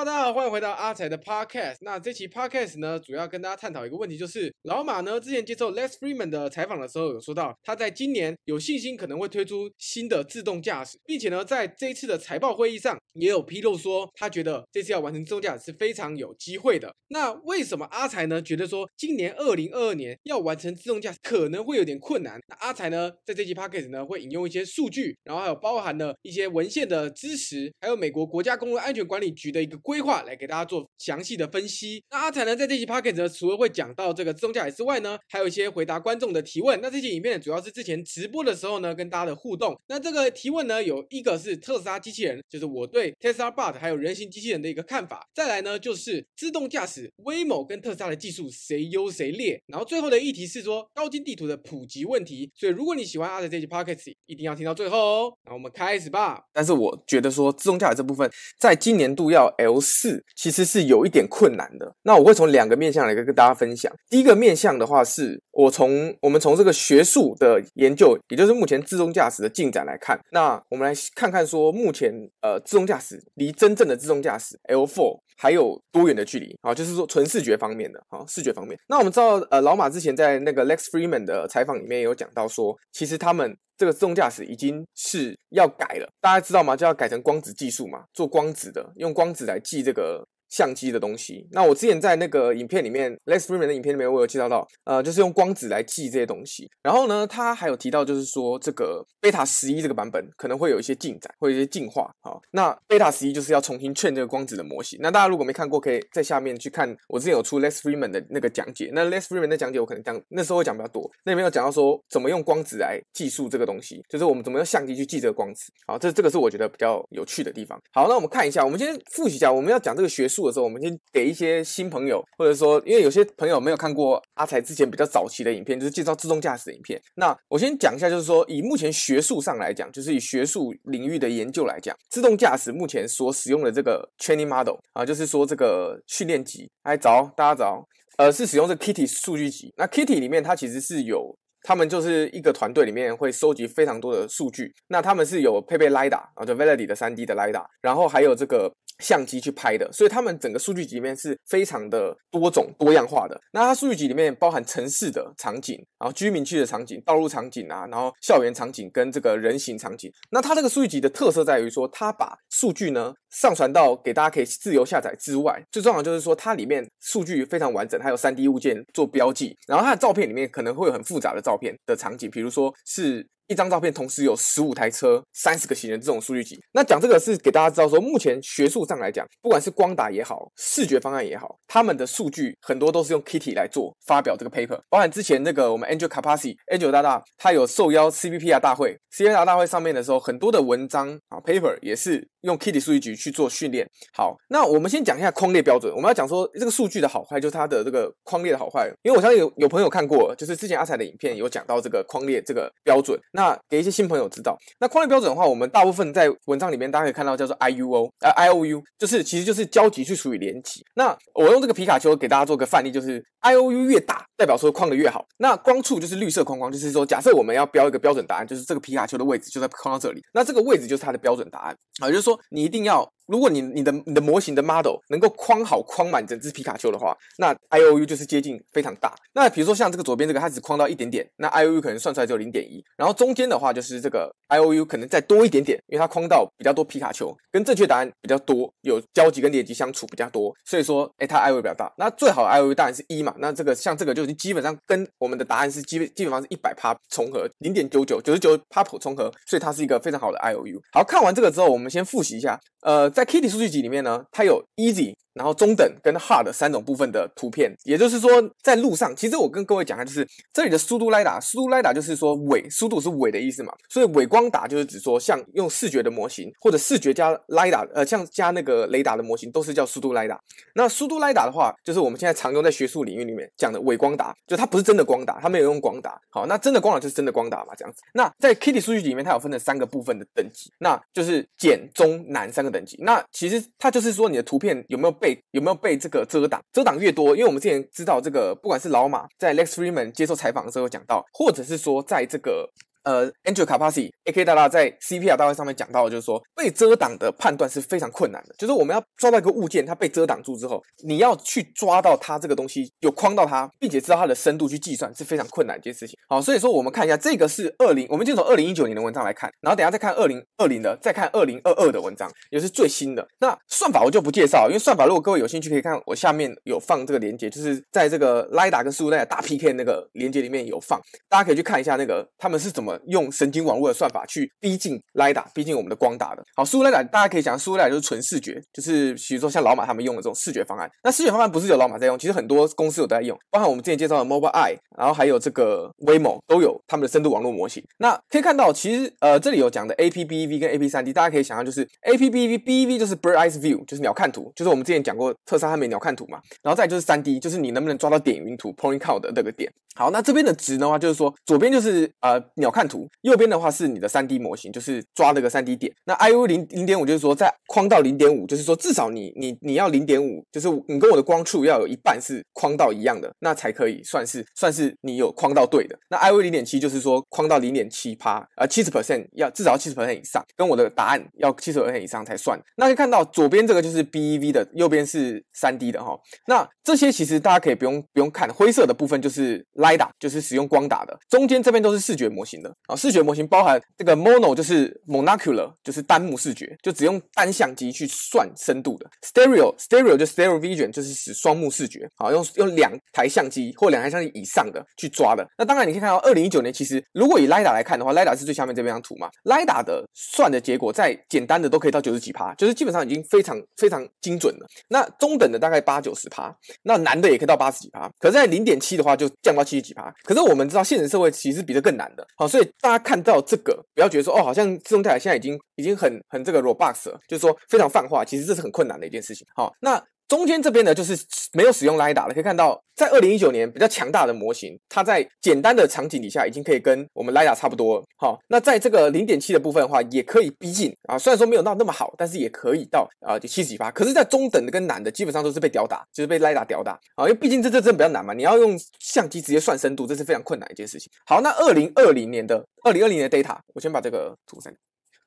大家好，歡迎回到阿財的 podcast。那這期 podcast 呢，主要跟大家探討一個問題，就是老馬呢之前接受 Lex Fridman 的採訪的時候有說到，他在今年有信心可能會推出新的自動駕駛，並且呢，在這一次的財報會議上也有披露說，他覺得這次要完成自動駕駛是非常有機會的。那為什麼阿財呢覺得說今年二零二二年要完成自動駕駛可能會有點困難？那阿財呢在這期 podcast 呢會引用一些數據，然後還有包含了一些文獻的支持，還有美國國家公路安全管理局的一個。規劃來給大家做詳細的分析。那阿財呢，在這期 podcast 除了會講到這個自動駕駛之外呢，還有一些回答觀眾的提問。那這期影片主要是之前直播的時候呢，跟大家的互動。那這個提問呢，有一個是特斯拉機器人，就是我對 Tesla Bot 還有人形機器人的一個看法。再來呢，就是自動駕駛 Waymo 跟特斯拉的技術誰優誰劣。然後最後的議題是說高精地圖的普及問題。所以如果你喜歡阿財這期 podcast 一定要聽到最後哦。那我們開始吧。但是我覺得說自動駕駛這部分在今年度要 L。是，其實是有一點困難的。那我會從兩個面向來跟跟大家分享。第一個面向的話是，是我從我們從這個學術的研究，也就是目前自動駕駛的進展來看。那我們來看看說，目前呃自動駕駛離真正的自動駕駛 L four 還有多遠的距離啊？就是說純視覺方面的啊，視覺方面。那我們知道呃，老馬之前在那個 Lex Freeman 的採訪裡面有講到說，其實他們。這個自動駕駛已經是要改了，大家知道嗎？就要改成光子技術嘛，做光子的，用光子來記這個。相機的東西。那我之前在那個影片裡面，Lex Fridman 的影片裡面，我有介紹到，呃，就是用光子來記這些東西。然後呢，他還有提到，就是說這個 Beta 十一這個版本可能會有一些進展，會有一些進化。好，那 Beta 十一就是要重新 train 這個光子的模型。那大家如果沒看過，可以在下面去看我之前有出 Lex Fridman 的那個講解。那 Lex Fridman 的講解，我可能講那時候會講比較多，那裡面有講到說怎麼用光子來計數這個東西，就是我們怎麼用相機去記這個光子。好，這這個是我覺得比較有趣的地方。好，那我們看一下，我們先複習一下我們要講這個學術的時候，我們先給一些新朋友，或者說，因為有些朋友沒有看過阿財之前比較早期的影片，就是介紹自動駕駛的影片。那我先講一下，就是說，以目前學術上來講，就是以學術領域的研究來講，自動駕駛目前所使用的這個 training model 啊，就是說這個訓練集，哎，早，大家早，呃，是使用這 KITTI 數據集。那 KITTI 裡面，它其實是有，他們就是一個團隊裡面會收集非常多的數據。那他們是有配備 LiDAR 啊，就 Velodyne 的三 D 的 LiDAR，然後還有這個。相機去拍的，所以他們整個數據集裡面是非常的多種多樣化的。那它數據集裡面包含城市的場景，然後居民區的場景、道路場景啊，然後校園場景跟這個人行場景。那它這個數據集的特色在於說，它把數據呢上傳到給大家可以自由下載之外，最重要的就是說它裡面數據非常完整，它有 3D 物件做標記。然後它的照片裡面可能會有很複雜的照片的場景，比如說是。一張照片同時有十五台車、三十個行人這種數據集。那講這個是給大家知道說，說目前學術上來講，不管是光達也好，視覺方案也好，他們的數據很多都是用 KITTI 來做發表這個 paper。包含之前那個我們 Andrej Karpathy，Andrej 大大他有受邀 CVPR 大會，CVPR 大會上面的時候，很多的文章啊 paper 也是用 KITTI 數據集去做訓練。好，那我們先講一下框列標準。我們要講說這個數據的好壞，就是它的這個框列的好壞。因為我相信有有朋友看過，就是之前阿財的影片有講到這個框列這個標準。那那給一些新朋友知道，那框的標準的話，我們大部分在文章裡面大家可以看到叫做 I U O 呃 I O U，就是其實就是交集去除以聯集。那我用這個皮卡丘給大家做個範例，就是 I O U 越大，代表說框的越好。那光處就是綠色框框，就是說假設我們要標一個標準答案，就是這個皮卡丘的位置就在框到這裡，那這個位置就是它的標準答案也，呃，就是說你一定要。如果你你的你的模型的 model 能夠框好框滿整隻皮卡丘的話，那 IoU 就是接近非常大。那比如說像這個左邊這個，它只框到一點點，那 IoU 可能算出來只有零點一。然後中間的話就是這個 IoU 可能再多一點點，因為它框到比較多皮卡丘，跟正確答案比較多，有交集跟聯集相處比較多，所以說哎它 IoU 比較大。那最好的 IoU 當然是一嘛。那這個像這個就是基本上跟我們的答案是基本基本上是一百趴重合，零點九九九十九趴重合，所以它是一個非常好的 IoU。好，看完這個之後，我們先複習一下。呃，在 Kitty 數據集裡面呢，它有 easy，然後中等跟 hard 三種部分的圖片。也就是說，在路上，其實我跟各位講一下，就是這裡的速度 LiDAR，速度 LiDAR 就是說偽，速度是偽的意思嘛，所以偽光達就是指說像用視覺的模型或者視覺加 LiDAR，呃，像加那個雷達的模型都是叫速度 LiDAR。那速度 LiDAR 的話，就是我們現在常用在學術領域裡面講的偽光達，就它不是真的光達，它沒有用光達。好，那真的光達就是真的光達嘛，這樣子。那在 Kitty 數據集裡面，它有分成三個部分的等級，那就是簡、中、難三個。等級，那其實它就是說你的圖片有沒有被，有沒有被這個遮擋，遮擋越多，因為我們之前知道這個，不管是老馬在 Lex Fridman 接受採訪的時候有講到，或者是說在這個。呃 Andrej Karpathy A.K. 大大在 C P R 大會上面講到就是說，被遮擋的判斷是非常困難的。就是我們要抓到一個物件，它被遮擋住之後，你要去抓到它這個東西，有框到它，並且知道它的深度去計算是非常困難一件事情。好，所以說我們看一下這個是二零，我們就從二零一九年的文章來看，然後等一下再看二零二零的，再看二零二二的文章，也是最新的。那算法我就不介紹，因為算法如果各位有興趣，可以看我下面有放這個連接，就是在這個 LIDA 跟視圖雷達大 P K 那個連接裡面有放，大家可以去看一下那個他們是怎麼。用神經網絡的算法去逼近拉達，逼近我們的光達的。好，蘇拉達大家可以想，蘇拉達就是純視覺，就是比如說像老馬他們用的這種視覺方案。那視覺方案不是有老馬在用，其實很多公司有都在用，包含我們之前介紹的 Mobile Eye，然後還有這個 Waymo 都有他們的深度網絡模型。那可以看到，其實呃這裡有講的 A P B V 跟 A P 三 D，大家可以想象就是 A P B V B V 就是 Bird Eyes View，就是鳥瞰圖，就是我們之前講過特斯拉他們鳥瞰圖嘛，然後再就是三 D，就是你能不能抓到點雲圖 Point Cloud 的那個點。好，那這邊的值的話，就是說左邊就是呃鳥瞰。看圖，右邊的話是你的三 D 模型，就是抓那個三 D 點。那 I U 零零點五就是說在框到零點五，就是說至少你你你要零點五，就是你跟我的光處要有一半是框到一樣的，那才可以算是算是你有框到對的。那 I U 零點七就是說框到零點七趴啊，七十 percent 要至少要七十 percent 以上，跟我的答案要七十 percent 以上才算。那可以看到左邊這個就是 B E V 的，右邊是三 D 的哈。那這些其實大家可以不用不用看，灰色的部分就是 lidar，就是使用光打的，中間這邊都是視覺模型的。啊，視覺模型包含這個 mono 就是 monocular 就是單目視覺，就只用單相機去算深度的 stereo stereo 就 stereo vision 就是使雙目視覺，啊，用用兩台相機或兩台相機以上的去抓的。那當然你可以看到，二零一九年其實如果以 lidar 來看的話，lidar 是最下面這邊張圖嘛，lidar 的算的結果，在簡單的都可以到九十幾趴，就是基本上已經非常非常精準了。那中等的大概八九十趴，那難的也可以到八十幾趴，可是在零點七的話就降到七十幾趴。可是我們知道現實社會其實比這更難的，好所以。大家看到這個，不要覺得說哦，好像自動駕駛現在已經已經很很這個 robust 了，就是說非常泛化。其實這是很困難的一件事情。好，哦，那。中間這邊呢，就是沒有使用 LiDAR 了。可以看到，在二零一九年比較強大的模型，它在簡單的場景底下已經可以跟我們 LiDAR 差不多了。好，那在這個零點七的部分的話，也可以逼近啊。雖然說沒有到那麼好，但是也可以到啊，就七十幾吧。可是，在中等的跟難的，基本上都是被吊打，就是被 LiDAR 吊打啊。因為畢竟這這真的比較難嘛，你要用相機直接算深度，這是非常困難一件事情。好，那二零二零年的二零二零年的 data，我先把這個做上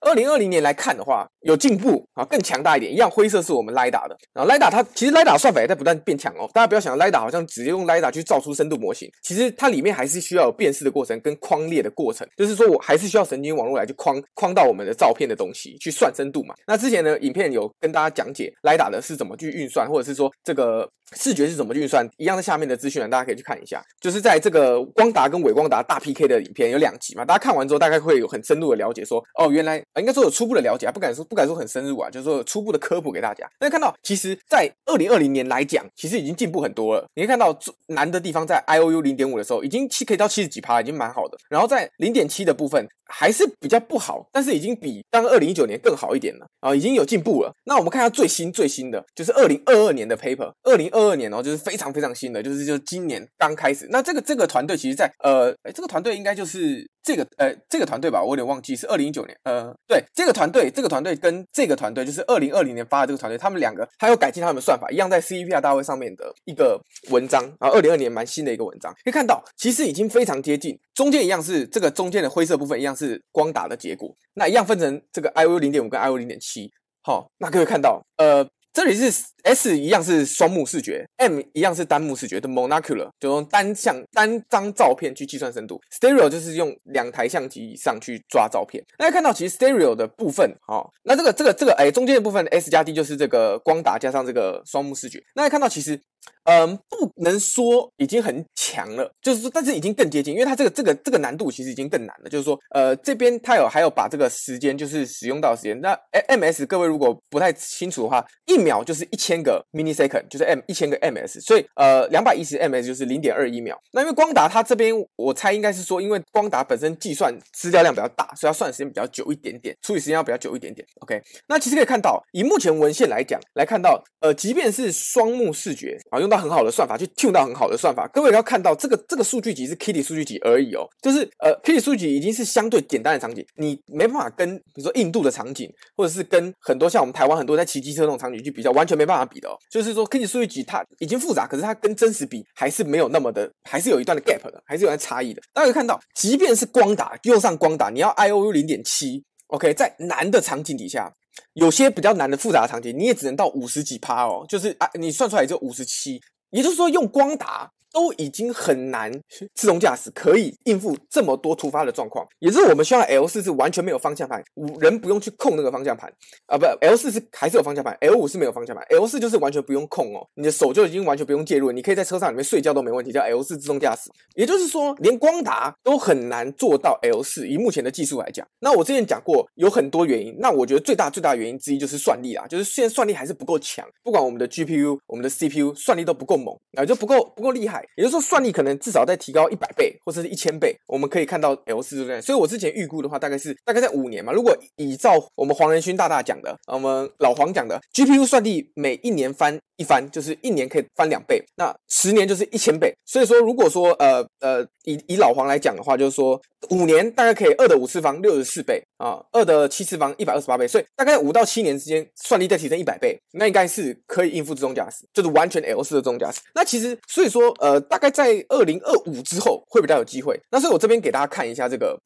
二零二零年來看的話，有進步啊，更強大一點。一樣，灰色是我們 Lidar 的，然後 Lidar 它其實 Lidar 算法，也在不斷變強哦。大家不要想 Lidar 好像直接用 Lidar 去造出深度模型，其實它裡面還是需要有辨識的過程跟框列的過程，就是說我還是需要神經網絡來去框框到我們的照片的東西去算深度嘛。那之前呢，影片有跟大家講解 Lidar 的是怎麼去運算，或者是說這個。視覺是怎麼運算？一樣在下面的資訊欄大家可以去看一下。就是在這個光達跟偉光達大 PK 的影片有兩集嘛，大家看完之後大概會有很深入的了解說，哦，原來啊，應該說有初步的了解啊，不敢說，不敢說很深入啊，就是說有初步的科普給大家。大家看到，其實，在二零二零年來講，其實已經進步很多了。你可以看到最難的地方，在 IOU 零點五的時候，已經七可以到七十幾趴，已經蠻好的。然後在零點七的部分還是比較不好，但是已經比當二零一九年更好一點了啊、哦，已經有進步了。那我們看下最新最新的，就是二零二二年的 paper，二零二。二年哦，就是非常非常新的，就是就是今年剛開始。那這個這個團隊其實在，在呃誒，這個團隊應該就是這個呃，這個團隊吧，我有點忘記是二零一九年。呃，對，這個團隊，這個團隊跟這個團隊，就是二零二零年發的這個團隊，他們兩個還有改進他們的算法，一樣在 C V P R 大會上面的一個文章，然後二零二年蠻新的一個文章，可以看到其實已經非常接近。中間一樣是這個中間的灰色部分一樣是光打的結果，那一樣分成這個 I O 零點五跟 I O 零點七。好，那各位看到呃。這裡是 S 一樣是雙目視覺，M 一樣是單目視覺的 monocular 就用單相單張照片去計算深度，stereo 就是用兩台相機以上去抓照片。那看到其實 stereo 的部分，哈、哦，那這個這個這個哎中間的部分 S 加 D 就是這個光達加上這個雙目視覺。那看到其實。嗯、呃，不能說已經很強了，就是說，但是已經更接近，因為它這個這個這個難度其實已經更難了，就是說，呃，這邊它有還有把這個時間就是使用到的時間，那 ms 各位如果不太清楚的話，一秒就是一千個 mini second，就是 m 一千個 ms，所以呃，兩百一十 ms 就是零點二一秒。那因為光達它這邊我猜應該是說，因為光達本身計算資料量比較大，所以要算的時間比較久一點點，處理時間要比較久一點點。OK，那其實可以看到，以目前文獻來講來看到，呃，即便是雙目視覺啊用。很好的算法去 tune 到很好的算法，各位要看到這個這個數據集是 Kitty 數據集，集而已哦，就是呃 Kitty 數據集，集已經是相對簡單的場景，你沒辦法跟比如說印度的場景，或者是跟很多像我們台灣很多在騎機車那種場景去比較，完全沒辦法比的哦。就是說 Kitty 數據集，集它已經複雜，可是它跟真實比還是沒有那麼的，還是有一段的 gap 的，還是有在差異的。大家可以看到，即便是光打用上光打，你要 IOU 零點七，OK，在難的場景底下。有些比較難的複雜的場景，你也只能到五十幾趴哦，就是啊，你算出來就五十七，也就是說用光打。都已經很難，自動駕駛可以應付這麼多突發的狀況，也就是我們希望 L 四是完全沒有方向盤，人不用去控那個方向盤啊，不，L 四是還是有方向盤，L 五是沒有方向盤，L 四就是完全不用控哦，你的手就已經完全不用介入了，你可以在車上裡面睡覺都沒問題，叫 L 四自動駕駛。也就是說，連光達都很難做到 L 四，以目前的技術來講。那我之前講過有很多原因，那我覺得最大最大原因之一就是算力啦，就是現在算力還是不夠強，不管我們的 GPU、我們的 CPU，算力都不夠猛啊，就不夠不夠厲害。也就是說，算力可能至少在提高一百倍或者是一千倍，我們可以看到 L 四就這樣。所以，我之前預估的話，大概是大概在五年嘛。如果依照我們黃仁勳大大講的，我們老黃講的 G P U 算力每一年翻一番，就是一年可以翻兩倍，那十年就是一千倍。所以說，如果說呃呃，以以老黃來講的話，就是說五年大概可以二的五次方六十四倍啊，二、呃、的七次方一百二十八倍。所以大概五到七年之間，算力再提升一百倍，那應該是可以應付自動駕駛，就是完全 L 四的自動駕駛。那其實所以說呃。呃，大概在二零二五之後會比較有機會。那所以，我這邊給大家看一下這個，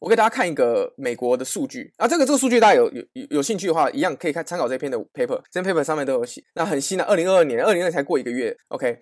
我給大家看一個美國的數據。啊、這個，這個這個數據大家有有有興趣的話，一樣可以看參考這篇的 paper，這篇 paper 上面都有寫。那很新的、啊，二零二二年，二零二二才過一個月。OK。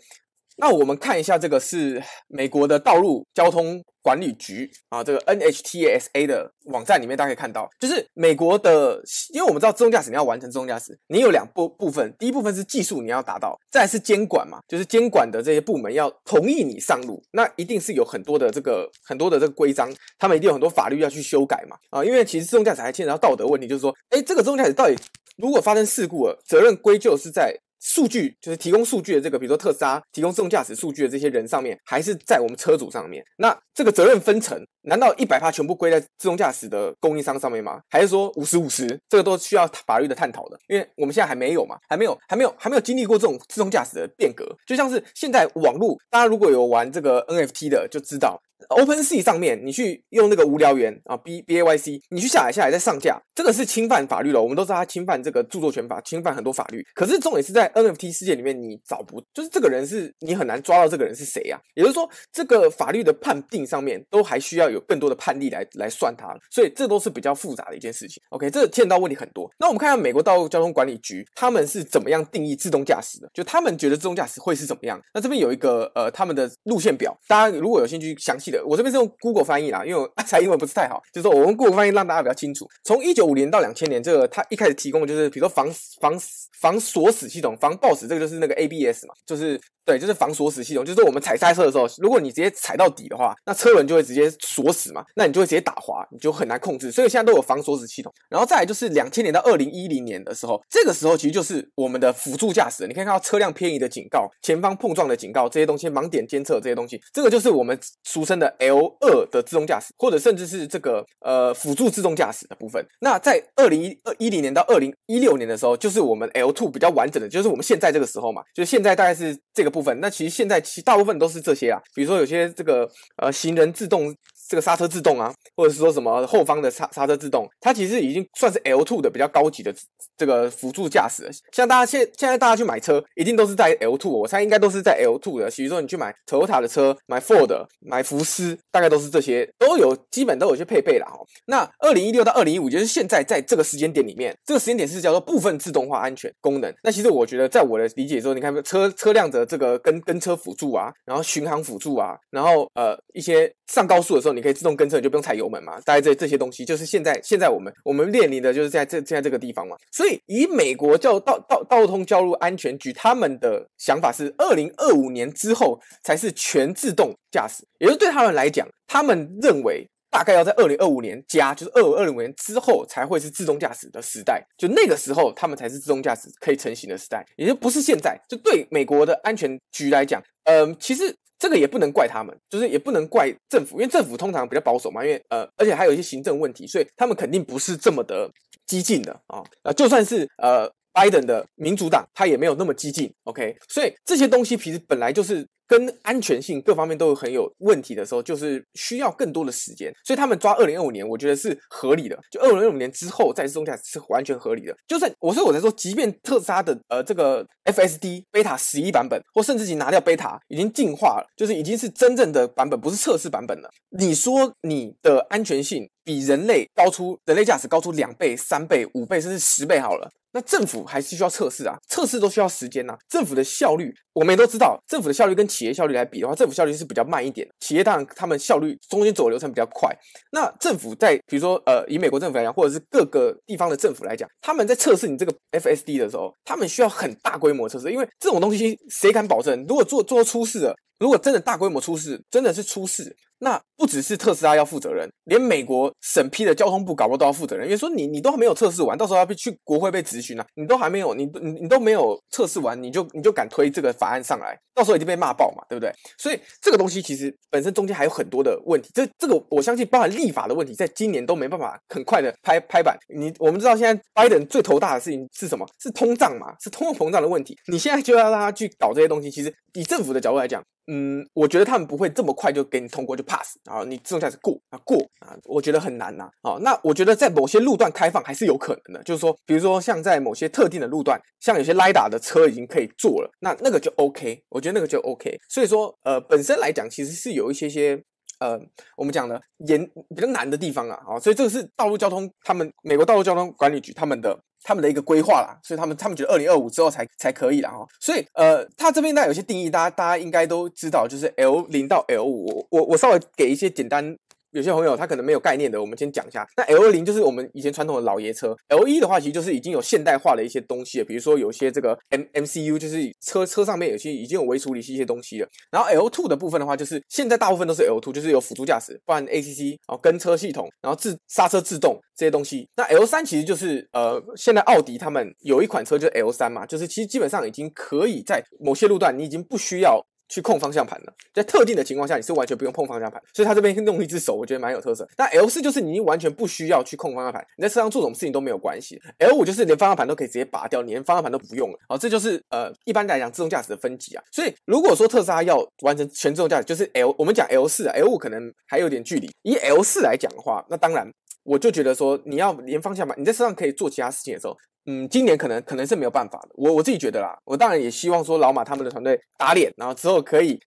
那我們看一下這個是美國的道路交通管理局啊，這個 NHTSA 的網站裡面，大家可以看到，就是美國的，因為我們知道自動駕駛，你要完成自動駕駛，你有兩部部分，第一部分是技術你要達到，再來是監管嘛，就是監管的這些部門要同意你上路，那一定是有很多的這個很多的這個規章，他們一定有很多法律要去修改嘛，啊，因為其實自動駕駛還牽扯到道德問題，就是說，哎，這個自動駕駛到底如果發生事故了，責任歸咎是在？數據就是提供數據的這個，比如說特斯拉提供自動駕駛數據的這些人上面，還是在我們車主上面？那這個責任分成，難道一百趴全部歸在自動駕駛的供應商上面嗎？還是說五十五十？這個都需要法律的探討的，因為我們現在還沒有嘛，還沒有，還沒有，還沒有經歷過這種自動駕駛的變革。就像是現在網絡，大家如果有玩這個 NFT 的，就知道。OpenSea 上面，你去用那個無聊猿，啊，B B A Y C，你去下載下來再上架，這個是侵犯法律了。我們都知道他侵犯這個著作權法，侵犯很多法律。可是重點是在 NFT 世界裡面，你找不，就是這個人是你很難抓到這個人是誰啊。也就是說，這個法律的判定上面都還需要有更多的判例來來算它。所以這都是比較複雜的一件事情。OK，這個見到問題很多。那我們看看美國道路交通管理局他們是怎麼樣定義自動駕駛的，就他們覺得自動駕駛會是怎麼樣。那這邊有一個呃他們的路線表，大家如果有興趣詳細。我這邊是用 Google 翻譯啦，因為我、啊、才英文不是太好，就是我用 Google 翻譯，讓大家比較清楚。從一九五零到兩千年，這個它一開始提供的就是，比如說防防防鎖死系統、防抱死這個就是那個 ABS 嘛，就是。對，就是防鎖死系統，就是我們踩剎車的時候，如果你直接踩到底的話，那車輪就會直接鎖死嘛，那你就會直接打滑，你就很難控制。所以現在都有防鎖死系統。然後再來就是兩千年到二零一零年的時候，這個時候其實就是我們的輔助駕駛，你可以看到車輛偏移的警告、前方碰撞的警告這些東西、盲點監測這些東西，這個就是我們俗稱的 L 二的自動駕駛，或者甚至是這個呃輔助自動駕駛的部分。那在二零一二一零年到二零一六年的時候，就是我們 L two 比較完整的，就是我們現在這個時候嘛，就現在大概是這個部分。部分，那其實現在，其大部分都是這些啊，比如說有些這個呃行人自動。這個剎車自動啊，或者是說什麼後方的剎剎車自動，它其實已經算是 L2 的比較高級的這個輔助駕駛了。像大家現現在大家去買車，一定都是在 L2，我猜應該都是在 L2 的。其實說你去買 Toyota 的車、買 Ford、買福斯，大概都是這些都有，基本都有些配備了哈。那2016到2015就是現在在這個時間點裡面，這個時間點是叫做部分自動化安全功能。那其實我覺得在我的理解說，你看車車輛的這個跟跟車輔助啊，然後巡航輔助啊，然後呃一些上高速的時候你。你可以自動跟車，你就不用踩油門嘛。大概這這些東西，就是現在現在我們我們面臨的就是在這現在這個地方嘛。所以以美國交道道道通交通安全局他們的想法是，二零二五年之後才是全自動駕駛。也就是對他們來講，他們認為大概要在二零二五年加，就是二零二五年之後才會是自動駕駛的時代。就那個時候，他們才是自動駕駛可以成型的時代，也就不是現在。就對美國的安全局來講，嗯、呃，其實。這個也不能怪他們，就是也不能怪政府，因為政府通常比較保守嘛，因為呃，而且還有一些行政問題，所以他們肯定不是這麼的激進的啊、哦、啊，就算是呃拜登的民主黨，他也沒有那麼激進。OK，所以這些東西其實本來就是。跟安全性各方面都有很有問題的時候，就是需要更多的時間，所以他們抓二零二五年，我覺得是合理的。就二零二五年之後再中加是完全合理的。就算我所以我在說，即便特斯拉的呃這個 FSD 貝塔十一版本，或甚至你拿掉貝塔已經進化了，就是已經是真正的版本，不是測試版本了。你說你的安全性比人類高出人類駕駛高出兩倍、三倍、五倍，甚至十倍好了，那政府還是需要測試啊，測試都需要時間吶、啊。政府的效率我們也都知道，政府的效率跟。企業效率來比的話，政府效率是比較慢一點。企業當然他們效率中間走流程比較快。那政府在比如說呃，以美國政府來講，或者是各個地方的政府來講，他們在測試你這個 FSD 的時候，他們需要很大規模測試，因為這種東西誰敢保證？如果做做出事了，如果真的大規模出事，真的是出事。那不只是特斯拉要負責任，連美國審批的交通部搞不好都要負責任？因為說你你都還沒有測試完，到時候要被去國會被質詢啊！你都還沒有，你你你都沒有測試完，你就你就敢推這個法案上來？到時候已經被罵爆嘛，對不對？所以這個東西其實本身中間還有很多的問題，這這個我相信包含立法的問題，在今年都沒辦法很快的拍拍板。你我們知道現在拜登最頭大的事情是什麼？是通脹嘛？是通貨膨脹的問題？你現在就要讓他去搞這些東西，其實以政府的角度來講。嗯，我覺得他們不會這麼快就給你通過就 pass 啊，你自動駕駛過啊過啊，我覺得很難吶、啊啊。那我覺得在某些路段開放還是有可能的，就是說，比如說像在某些特定的路段，像有些 LIDAR 的車已經可以坐了，那那個就 OK，我覺得那個就 OK。所以說，呃，本身來講其實是有一些些。呃，我們講呢，沿比較難的地方啊，啊、哦，所以這個是道路交通，他們美國道路交通管理局他們的他們的一個規劃啦，所以他們他們覺得二零二五之後才才可以了啊、哦，所以呃，他這邊呢有些定義，大家大家應該都知道，就是 L 零到 L 五，我我我稍微給一些簡單。有些朋友他可能沒有概念的，我們先講一下。那 L 零就是我們以前傳統的老爺車，L 一的話，其實就是已經有現代化的一些東西了，比如說有些這個 M M C U 就是車車上面有些已經有微處理器一些東西了。然後 L 2的部分的話，就是現在大部分都是 L 2，就是有輔助駕駛，包含 A C C，然後跟車系統，然後自剎車自動這些東西。那 L 三其實就是呃，現在奧迪他們有一款車就是 L 三嘛，就是其實基本上已經可以在某些路段你已經不需要。去控方向盤了。在特定的情況下，你是完全不用碰方向盤，所以他這邊弄一隻手，我覺得蠻有特色。那 L 四就是你完全不需要去控方向盤，你在車上做什麼事情都沒有關係。L 五就是連方向盤都可以直接拔掉，你連方向盤都不用了。好、哦，這就是呃，一般來講自動駕駛的分級啊。所以如果說特斯拉要完成全自動駕駛，就是 L，我們講 L 四，啊、L 五可能還有點距離。以 L 四來講的話，那當然。我就覺得說，你要連方向盤，你在車上可以做其他事情的時候，嗯，今年可能可能是沒有辦法的。我我自己覺得啦，我當然也希望說老馬他們的團隊打臉，然後之後可以，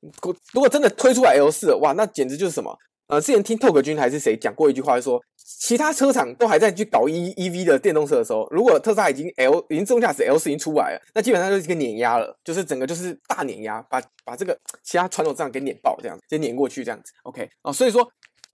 如果真的推出來 L 四，哇，那簡直就是什麼？呃，之前聽透殼君還是誰講過一句話，就說其他車廠都還在去搞 E V 的電動車的時候，如果特斯拉已經 L 已經自動駕駛 L 四已經出來了，那基本上就是一個碾壓了，就是整個就是大碾壓，把把這個其他傳統車廠給碾爆這樣子，先碾過去這樣子，OK 啊、呃，所以說，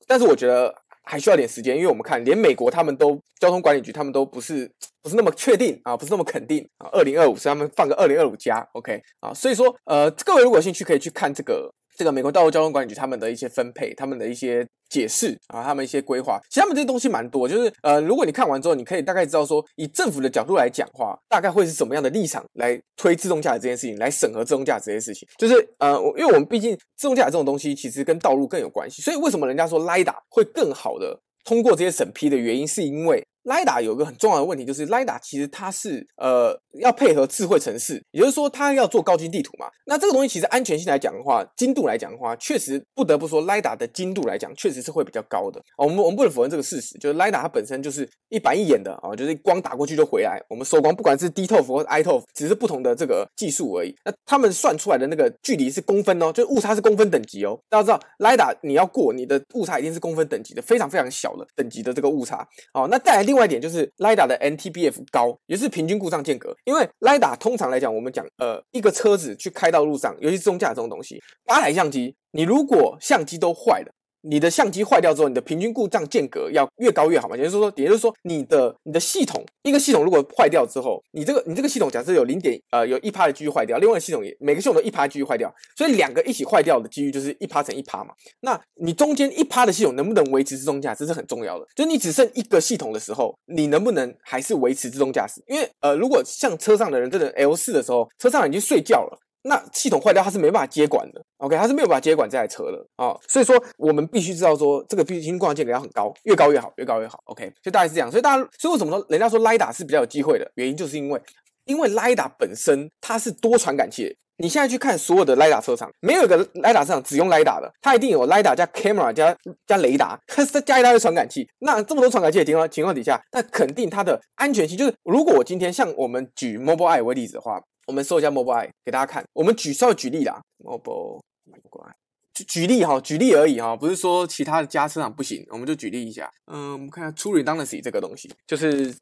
但是我覺得。還需要點時間，因為我們看，連美國他們都交通管理局，他們都不是不是那麼確定啊，不是那麼肯定啊。二零二五，所以他們放個二零二五加，OK 啊，所以說，呃，各位如果有興趣可以去看這個。這個美國道路交通管理局他們的一些分配，他們的一些解釋啊，他們一些規劃，其實他們這些東西蠻多。就是呃，如果你看完之後，你可以大概知道說，以政府的角度來講的話，大概會是什麼樣的立場來推自動駕駛這件事情，來審核自動駕駛這件事情。就是呃，因為我們畢竟自動駕駛這種東西其實跟道路更有關係，所以為什麼人家說拉 i 會更好的通過這些審批的原因，是因為。LiDAR 有一個很重要的問題，就是 LiDAR 其實它是呃要配合智慧城市，也就是說它要做高精地圖嘛。那這個東西其實安全性來講的話，精度來講的話，確實不得不說，LiDAR 的精度來講確實是會比較高的。哦、我們我們不能否認這個事實，就是 LiDAR 它本身就是一板一眼的啊、哦，就是光打過去就回來，我們收光，不管是 DTOF 或 ITOF 只是不同的這個技術而已。那他們算出來的那個距離是公分哦，就是誤差是公分等級哦。大家知道，LiDAR 你要過你的誤差一定是公分等級的，非常非常小的等級的這個誤差哦。那再來。另外一點就是 LIDAR 的 NTBF 高，也是平均故障間隔。因為 LIDAR 通常來講，我們講呃一個車子去開到路上，尤其是自駕這種東西，八台相機，你如果相機都壞了。你的相機壞掉之後，你的平均故障間隔要越高越好嘛？也就是說，也就是說，你的你的系統一個系統如果壞掉之後，你這個你這個系統假設有零點呃有一趴的幾率壞掉，另外一個系統也每個系統都一趴幾率壞掉，所以兩個一起壞掉的幾率就是一趴乘一趴嘛。那你中間一趴的系統能不能維持自動駕駛，這是很重要的。就你只剩一個系統的時候，你能不能還是維持自動駕駛？因為呃，如果像車上的人，真的 L4 的時候，車上已經睡覺了。那系統壞掉，它是沒辦法接管的。OK，它是沒有辦法接管這台車的啊、哦。所以說，我們必須知道說，這個必須硬件要很高，越高越好，越高越好。OK，就大概是這樣。所以大家，所以為什麼說人家說 Lidar 是比較有機會的原因，就是因為，因為 Lidar 本身它是多傳感器的。你現在去看所有的 Lidar 車廠，沒有一個 Lidar 車廠只用 Lidar 的，它一定有 Lidar 加 Camera 加加雷達，還是加一大堆傳感器。那這麼多傳感器的情況情況底下，那肯定它的安全性就是，如果我今天像我們舉 Mobile Eye 為例子的話。我們搜一下 Mobileye，給大家看。我們舉稍微舉例啦，Mobileye，就舉例哈，舉例而已哈，不是說其他的家車廠不行，我們就舉例一下。嗯，我們看一下 true redundancy 這個東西，就是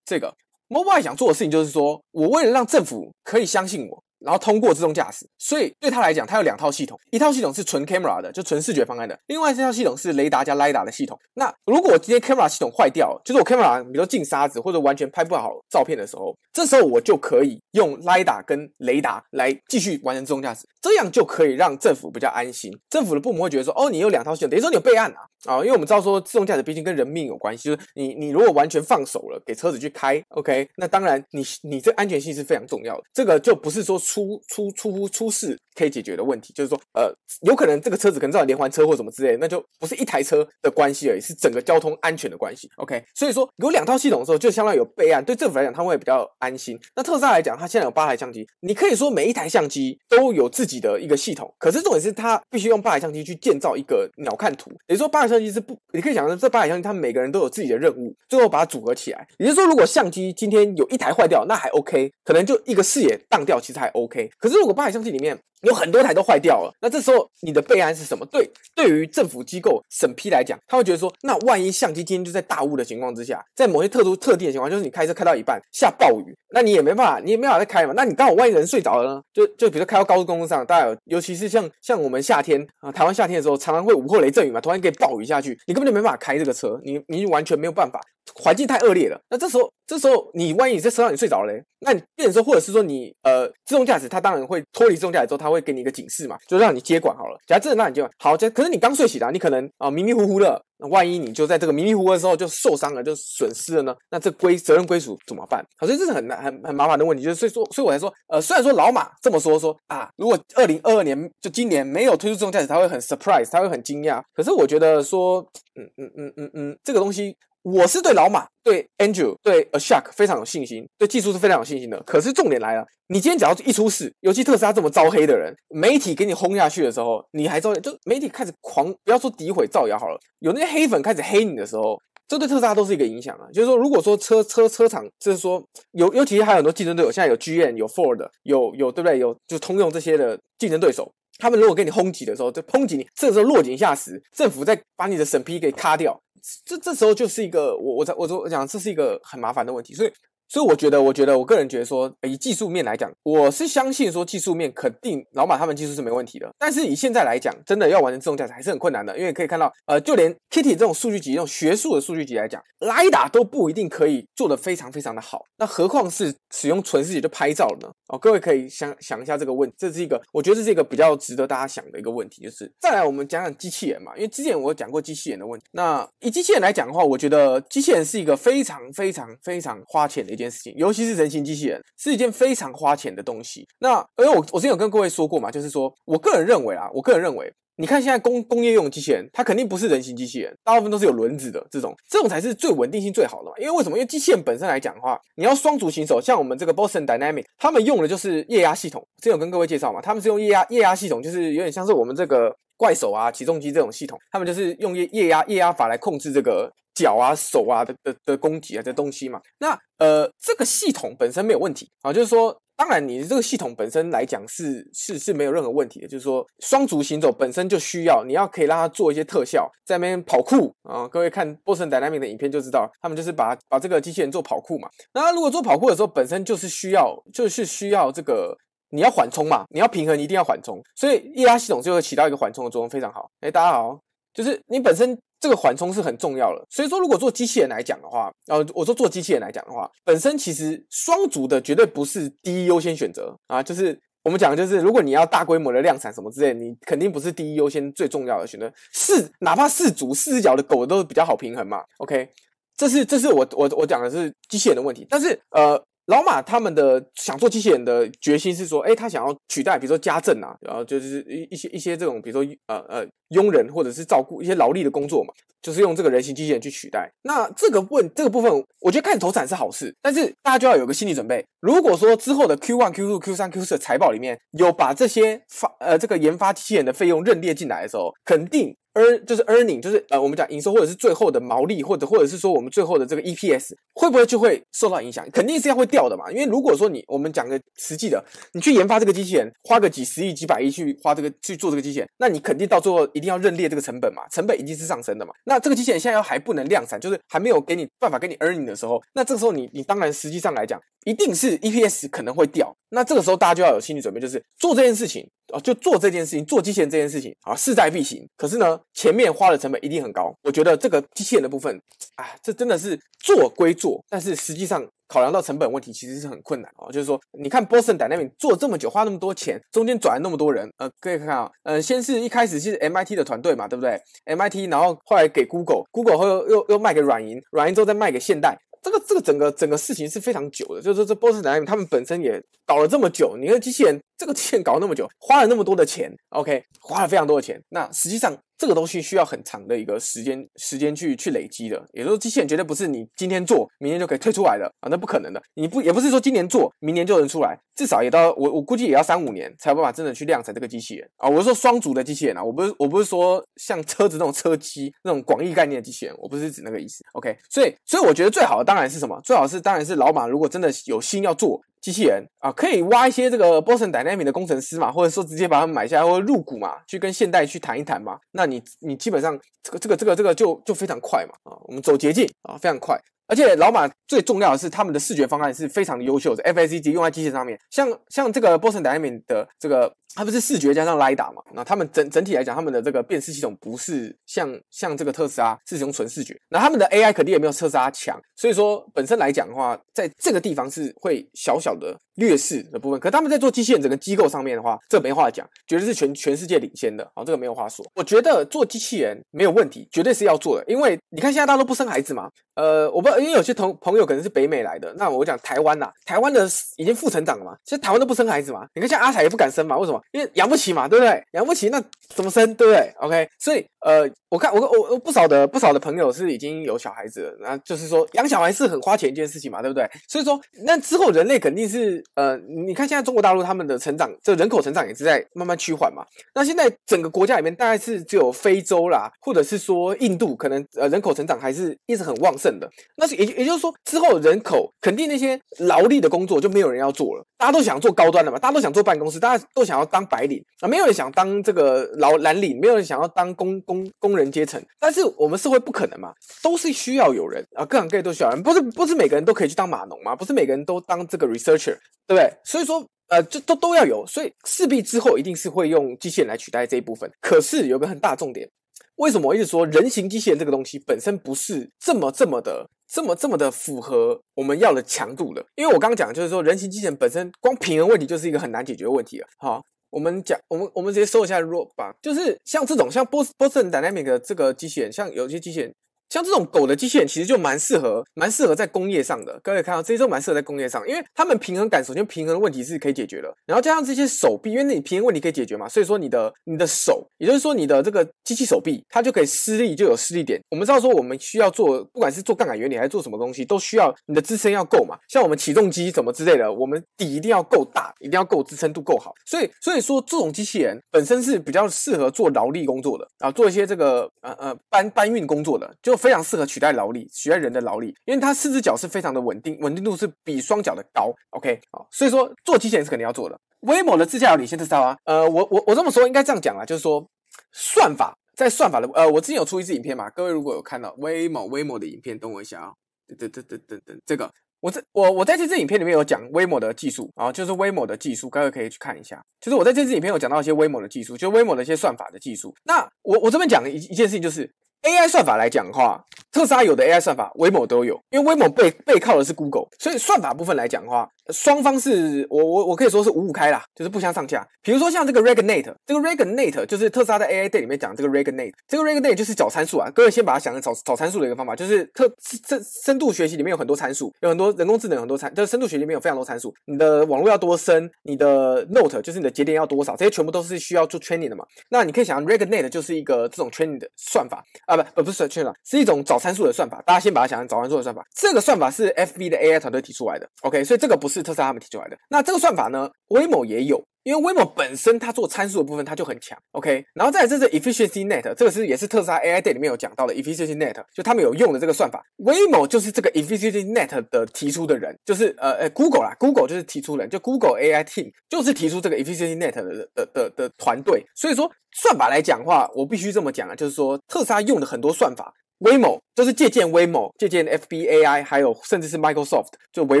這個 Mobileye 想做的事情，就是說我為了讓政府可以相信我。然後通過自動駕駛，所以對他來講，他有兩套系統，一套系統是純 camera 的，就純視覺方案的，另外一套系統是雷達加 lidar 的系統。那如果今天 camera 系統壞掉了，就是我 camera 比如說進沙子或者完全拍不好照片的時候，這時候我就可以用 lidar 跟雷達來繼續完成自動駕駛，這樣就可以讓政府比較安心。政府的部門會覺得說，哦，你有兩套系統，等於說你有備案啊，啊，哦，因為我們知道說自動駕駛畢竟跟人命有關係，就是你你如果完全放手了給車子去開，OK，那當然你你這安全性是非常重要的，這個就不是說。出出出出事可以解決的問題，就是說，呃，有可能這個車子可能造成連環車或什麼之類，那就不是一台車的關係而已，是整個交通安全的關係。OK，所以說有兩套系統的時候，就相當於有備案，對政府來講，他們會比較安心。那特斯拉來講，它現在有八台相機，你可以說每一台相機都有自己的一個系統，可是重點是它必須用八台相機去建造一個鳥瞰圖。也就是說，八台相機是不，你可以講說這八台相機，它每個人都有自己的任務，最後把它組合起來。也就是說，如果相機今天有一台壞掉，那還 OK，可能就一個視野蕩掉，其實還。O.K. 可是如果八百相機裡面。有很多台都壞掉了，那這時候你的備案是什麼？對，對於政府機構審批來講，他會覺得說，那萬一相機今天就在大霧的情況之下，在某些特殊特定的情況，就是你開車開到一半下暴雨，那你也沒辦法，你也沒辦法再開嘛。那你剛好萬一人睡着了呢？就就比如開到高速公路上，當然，尤其是像像我們夏天啊、呃，台灣夏天的時候常常會午後雷陣雨嘛，突然給暴雨下去，你根本就沒辦法開這個車，你你完全沒有辦法，環境太惡劣了。那這時候這時候你萬一你在車上你睡着了嘞，那你變成說或者是說你呃自動駕駛，它當然會脫離自動駕駛之後它。他會給你一個警示嘛，就讓你接管好了，假如真的讓你接管好，就可是你剛睡醒來，你可能啊、呃、迷迷糊糊的，那萬一你就在這個迷迷糊糊的時候就受傷了，就損失了呢，那這歸責任歸屬怎麼辦？好，所以這是很難很很麻煩的問題。就是所以說，所以我才說，呃，雖然說老馬這麼說，說啊，如果二零二二年就今年沒有推出自動駕駛，他會很 surprise，他會很驚訝。可是我覺得說，嗯嗯嗯嗯嗯，這個東西。我是對老馬、對 Andrew、對 Ashok 非常有信心，對技術是非常有信心的。可是重點來了，你今天只要一出事，尤其特斯拉這麼招黑的人，媒體給你轟下去的時候，你還招，就媒體開始狂不要說詆毀、造謠好了，有那些黑粉開始黑你的時候，這對特斯拉都是一個影響啊。就是說，如果說車車車廠，就是說尤尤其是還有很多競爭對手，現在有 GM、有 Ford、有、有，對不對？有就通用這些的競爭對手，他們如果給你轟擊的時候，就抨擊你，這個時候落井下石，政府再把你的審批給卡掉。這這時候就是一個，我我在我我講這是一個很麻煩的問題，所以。所以我覺得，我覺得我個人覺得說，以技術面來講，我是相信說技術面肯定老馬他們技術是沒問題的。但是以現在來講，真的要完成自動駕駛還是很困難的，因為可以看到，呃，就連 Kitty 這種數據集、這種學術的數據集來講，LiDAR 都不一定可以做得非常非常的好，那何況是使用純視覺就拍照了呢？哦，各位可以想想一下這個問題，這是一個，我覺得這是一個比較值得大家想的一個問題，就是再來我們講講機器人嘛，因為之前我講過機器人的問題。那以機器人來講的話，我覺得機器人是一個非常非常非常花錢的。一件事情，尤其是人形機器人，是一件非常花錢的東西。那而且我我之前有跟各位說過嘛，就是說我個人認為啊，我個人認為，你看現在工工業用的機器人，它肯定不是人形機器人，大部分都是有輪子的這種，這種才是最穩定性最好的嘛。因為為什麼？因為機器人本身來講的話，你要雙足行走，像我們這個 Boston Dynamics，他們用的就是液壓系統。之前有跟各位介紹嘛，他們是用液壓液壓系統，就是有點像是我們這個。怪手啊，起重機這種系統，他們就是用液液壓液壓法來控制這個腳啊、手啊的的的攻擊啊這東西嘛。那呃，這個系統本身沒有問題啊，就是說，當然你這個系統本身來講是是是沒有任何問題的。就是說，雙足行走本身就需要你要可以讓它做一些特效，在那邊跑酷啊。各位看 Boston Dynamics 的影片就知道，他們就是把把這個機器人做跑酷嘛。那他如果做跑酷的時候，本身就是需要就是需要這個。你要緩衝嘛，你要平衡，你一定要緩衝，所以液壓系統就會起到一個緩衝的作用，非常好。哎、欸，大家好，就是你本身這個緩衝是很重要的。所以說，如果做機器人來講的話，呃，我說做機器人來講的話，本身其實雙足的絕對不是第一優先選擇啊。就是我們講的，就是如果你要大規模的量產什麼之類，你肯定不是第一優先最重要的選擇。四，哪怕四足、四只腳的狗，都是比較好平衡嘛。OK，這是這是我我我講的是機器人的問題，但是呃。老馬他們的想做機器人的決心是說，哎，他想要取代，比如說家政啊，然後就是一一些一些這種，比如說呃呃，傭、呃、人或者是照顧一些勞力的工作嘛，就是用這個人形機器人去取代。那這個問這個部分，我覺得開始投產是好事，但是大家就要有個心理準備，如果說之後的 Q one Q two Q 三 Q 四財報裡面有把這些發呃這個研發機器人的費用認列進來的時候，肯定。earn 就是 earning，就是呃，我們講營收，或者是最後的毛利，或者或者是說我們最後的這個 EPS 會不會就會受到影響？肯定是要會掉的嘛，因為如果說你我們講個實際的，你去研發這個機器人，花個幾十億、幾百億去花這個去做這個機器人，那你肯定到最後一定要認列這個成本嘛，成本一定是上升的嘛。那這個機器人現在要還不能量產，就是還沒有給你辦法給你 earning 的時候，那這個時候你你當然實際上來講，一定是 EPS 可能會掉。那這個時候大家就要有心理準備，就是做這件事情。啊、哦，就做這件事情，做機器人這件事情啊，勢在必行。可是呢，前面花的成本一定很高。我覺得這個機器人的部分，啊，這真的是做歸做，但是實際上考量到成本問題，其實是很困難啊。就是說，你看 Boston Dynamics 那邊做這麼久，花那麼多錢，中間轉了那麼多人，呃，各位看啊，呃，先是一開始是 MIT 的團隊嘛，對不對？MIT，然後後來給 Google，Google 後又又又賣給軟銀，軟銀之後再賣給現代。這個這個整個整個事情是非常久的，就是這波士頓動力他們本身也搞了這麼久，你看機器人，這個機器人搞那麼久，花了那麼多的錢，OK，花了非常多的錢，那實際上。這個東西需要很長的一個時間時間去去累積的，也就是說，機器人絕對不是你今天做，明天就可以推出來的啊，那不可能的。你不也不是說今年做，明年就能出來，至少也到我我估計也要三五年才有辦法真的去量產這個機器人啊。我是說雙足的機器人啊，我不是我不是說像車子那種車機那種廣義概念的機器人，我不是指那個意思。OK，所以所以我覺得最好的當然是什麼？最好是當然是老馬如果真的有心要做，機器人啊，可以挖一些這個 Boston Dynamics 的工程師嘛，或者說直接把他們買下來或者入股嘛，去跟現代去談一談嘛。那你你基本上這個這個這個這個就就非常快嘛啊，我們走捷徑啊，非常快。而且老馬最重要的是他們的視覺方案是非常優秀的，FSD 用在機械上面，像像這個 Boston Dynamics 的這個。它不是視覺加上雷達嘛？那他們整整體來講，他們的這個辨識系統不是像像這個特斯拉是使用純視覺。那他們的 AI 肯定也沒有特斯拉強，所以說本身來講的話，在這個地方是會小小的劣勢的部分。可他們在做機器人整個機構上面的話，這個、沒話講，絕對是全全世界領先的。好、哦，這個沒有話說。我覺得做機器人沒有問題，絕對是要做的。因為你看現在大家都不生孩子嘛。呃，我不知道，因為有些同朋友可能是北美來的。那我講台灣吶、啊，台灣的已經負成長了嘛，其實台灣都不生孩子嘛。你看像阿財也不敢生嘛，為什麼？因為養不起嘛，對不對？養不起那怎麼生，對不對？OK，所以呃，我看我我我不少的不少的朋友是已經有小孩子了，那就是說養小孩是很花錢一件事情嘛，對不對？所以說那之後人類肯定是呃，你看現在中國大陸他們的成長，這個人口成長也是在慢慢趨緩嘛。那現在整個國家裡面大概是只有非洲啦，或者是說印度，可能呃人口成長還是一直很旺盛的。那是也也就是說之後人口肯定那些勞力的工作就沒有人要做了，大家都想做高端的嘛，大家都想做辦公室，大家都想要。當白領啊，沒有人想當這個老藍領，沒有人想要當工工工人階層。但是我們社會不可能嘛，都是需要有人啊，各行各業都需要有人。不是不是每個人都可以去當碼農嘛？不是每個人都當這個 researcher，對不對？所以說呃，就都都要有。所以勢必之後一定是會用機器人來取代這一部分。可是有個很大重點，為什麼我一直說人形機器人這個東西本身不是這麼這麼的這麼這麼的符合我們要的強度的？因為我剛剛講就是說人形機器人本身光平衡問題就是一個很難解決的問題了。哈。我們講，我們我們直接搜一下，rope 吧，就是像這種像 Boss，波波士頓 Dynamic 的這個機器人，像有些機器人。像這種狗的機器人，其實就蠻適合，蠻適合在工業上的。各位看到，這些都蠻適合在工業上，因為它們平衡感，首先平衡的問題是可以解決的。然後加上這些手臂，因為你平衡問題可以解決嘛，所以說你的你的手，也就是說你的這個機器手臂，它就可以施力，就有施力點。我們知道說，我們需要做，不管是做槓桿原理還是做什麼東西，都需要你的支撐要夠嘛。像我們起重機什麼之類的，我們底一定要夠大，一定要夠支撐度夠好。所以，所以說這種機器人本身是比較適合做勞力工作的啊，然後做一些這個呃呃搬搬運工作的，就。非常適合取代勞力，取代人的勞力，因為它四隻腳是非常的穩定，穩定度是比雙腳的高。OK，好，所以說做機器人是肯定要做的。Waymo 的自駕遊你先知道啊。呃，我我我這麼說應該這樣講啊，就是說算法在算法的呃，我之前有出一支影片嘛，各位如果有看到 Waymo、Waymo 的影片，等我一下啊，等等等等等這個，我這我我在這支影片裡面有講 Waymo 的技術啊，然後就是 Waymo 的技術，各位可以去看一下。就是我在這支影片有講到一些 Waymo 的技術，就是 Waymo 的一些算法的技術。那我我這邊講的一一件事情就是。AI 算法來講的話，特斯拉有的 AI 算法，Waymo 都有，因為 Waymo 背背靠的是 Google，所以算法部分來講的話，雙方是我我我可以說是五五開啦，就是不相上下。比如說像這個 RegNet 這個 RegNet 就是特斯拉在 AI Day 裡面講這個 RegNet，這個 RegNet 就是找參數啊，各位先把它想成找找參數的一個方法，就是特深深度學習裡面有很多參數，有很多人工智能有很多參，就是深度學習裡面有非常多參數，你的網絡要多深，你的 node 就是你的節點要多少，這些全部都是需要做 training 的嘛。那你可以想象 RegNet 就是一個這種 training 的算法啊。呃啊、不，不，不是，全了，是一種找參數的算法。大家先把它想成找參數的算法。這個算法是 FB 的 AI 團隊提出來的。OK，所以這個不是特斯拉他們提出來的。那這個算法呢，Waymo 也有。因為 Waymo 本身它做參數的部分它就很強，OK，然後再來這是這、e、efficiency net，這個是也是特斯拉 AI Day 裡面有講到的 efficiency net，就他們有用的這個算法，Waymo 就是這個 efficiency net 的提出的人，就是呃呃、欸、Google 啦，Google 就是提出的人，就 Google AI team 就是提出這個 efficiency net 的的的的,的團隊，所以說算法來講的話，我必須這麼講啊，就是說特斯拉用的很多算法，Waymo 就是借鑑 Waymo，借鑑 F B A I，還有甚至是 Microsoft 就微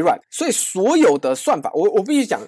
軟，所以所有的算法，我我必須講